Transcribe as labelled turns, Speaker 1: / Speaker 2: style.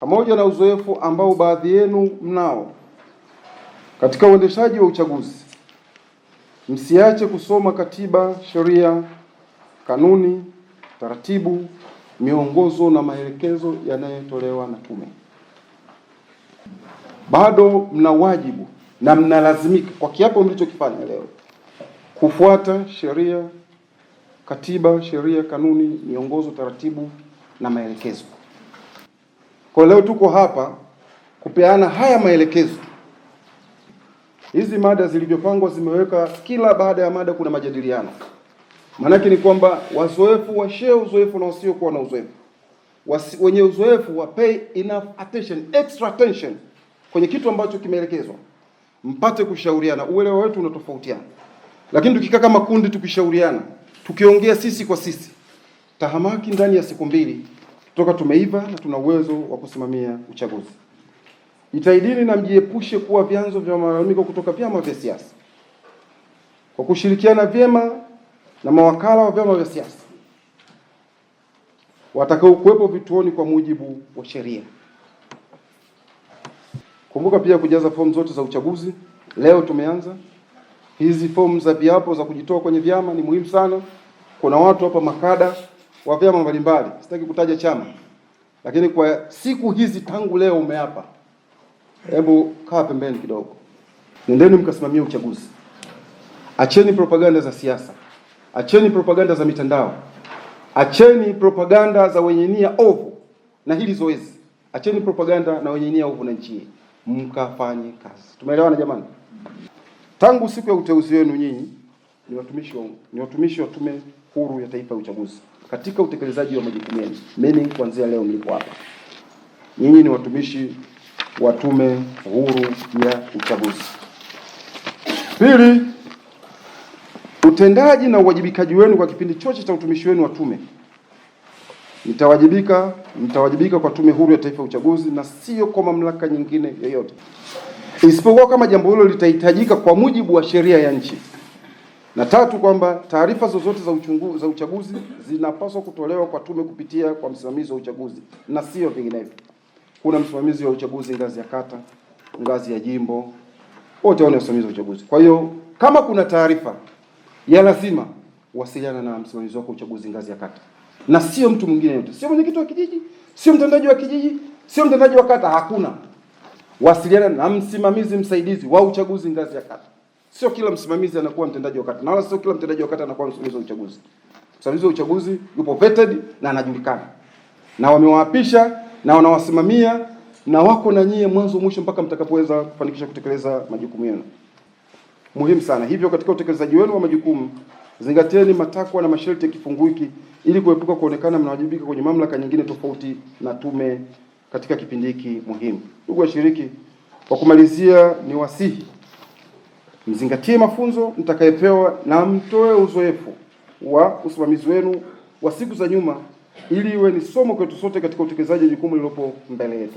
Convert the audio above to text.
Speaker 1: pamoja na uzoefu ambao baadhi yenu mnao katika uendeshaji wa uchaguzi, msiache kusoma katiba, sheria, kanuni, taratibu, miongozo na maelekezo yanayotolewa na tume. Bado mna wajibu na mnalazimika kwa kiapo mlichokifanya leo kufuata sheria, katiba, sheria, kanuni, miongozo, taratibu na maelekezo. Kwa leo tuko hapa kupeana haya maelekezo. Hizi mada zilivyopangwa zimeweka kila baada ya mada kuna majadiliano. Maanake ni kwamba wazoefu washee uzoefu na wasiokuwa na uzoefu Wasi, wenye uzoefu wa pay enough attention extra attention kwenye kitu ambacho kimeelekezwa, mpate kushauriana. Uelewa wetu unatofautiana, lakini tukikaa kama kundi tukishauriana, tukiongea sisi kwa sisi, tahamaki ndani ya siku mbili toka tumeiva na tuna uwezo wa kusimamia uchaguzi. Jitahidini na mjiepushe kuwa vyanzo vya malalamiko kutoka vyama vya siasa kwa kushirikiana vyema na mawakala wa vyama vya siasa watakaokuwepo vituoni kwa mujibu wa sheria. Kumbuka pia kujaza fomu zote za uchaguzi. Leo tumeanza hizi fomu za viapo za kujitoa kwenye vyama, ni muhimu sana. Kuna watu hapa makada wa vyama mbalimbali, sitaki kutaja chama, lakini kwa siku hizi tangu leo umeapa, hebu kaa pembeni kidogo, nendeni mkasimamia uchaguzi. Acheni propaganda za siasa, acheni propaganda za mitandao, acheni propaganda za wenye nia ovu na hili zoezi, acheni propaganda na wenye nia ovu na nchi, mkafanye kazi. Tumeelewana jamani? Tangu siku ya uteuzi wenu nyinyi ni watumishi wa, ni watumishi wa Tume Huru ya Taifa ya Uchaguzi katika utekelezaji wa majukumu yenu. Mimi kuanzia leo nilipo hapa, nyinyi ni watumishi wa Tume Huru ya Uchaguzi. Pili, utendaji na uwajibikaji wenu kwa kipindi chote cha utumishi wenu wa tume mtawajibika mtawajibika kwa Tume Huru ya Taifa ya Uchaguzi na sio kwa mamlaka nyingine yoyote, isipokuwa kama jambo hilo litahitajika kwa mujibu wa sheria ya nchi. Na tatu kwamba taarifa zozote za uchungu, za uchaguzi zinapaswa kutolewa kwa tume kupitia kwa msimamizi wa uchaguzi na sio vinginevyo. Kuna msimamizi wa uchaguzi ngazi ya kata, ngazi ya jimbo, wote wana msimamizi wa uchaguzi. Kwa hiyo kama kuna taarifa ya lazima, wasiliana na msimamizi wako uchaguzi ngazi ya kata na sio mtu mwingine yote, sio mwenyekiti wa kijiji, sio mtendaji wa kijiji, sio mtendaji wa kata. Hakuna, wasiliana na msimamizi msaidizi wa uchaguzi ngazi ya kata. Sio kila msimamizi anakuwa mtendaji wa kata na wala sio kila mtendaji wa kata anakuwa msimamizi wa uchaguzi. Msimamizi wa uchaguzi yupo vetted na anajulikana, na wamewaapisha na wanawasimamia na wako na nyie mwanzo mwisho mpaka mtakapoweza kufanikisha kutekeleza majukumu yenu. Muhimu sana. Hivyo katika utekelezaji wenu wa majukumu zingatieni matakwa na masharti ya kifungu hiki ili kuepuka kuonekana mnawajibika kwenye mamlaka nyingine tofauti na tume katika kipindi hiki muhimu. Ndugu washiriki, kwa kumalizia, ni wasihi Mzingatie mafunzo mtakayepewa na mtoe uzoefu wa usimamizi wenu wa siku za nyuma ili iwe ni somo kwetu sote katika utekelezaji wa jukumu lililopo mbele yetu.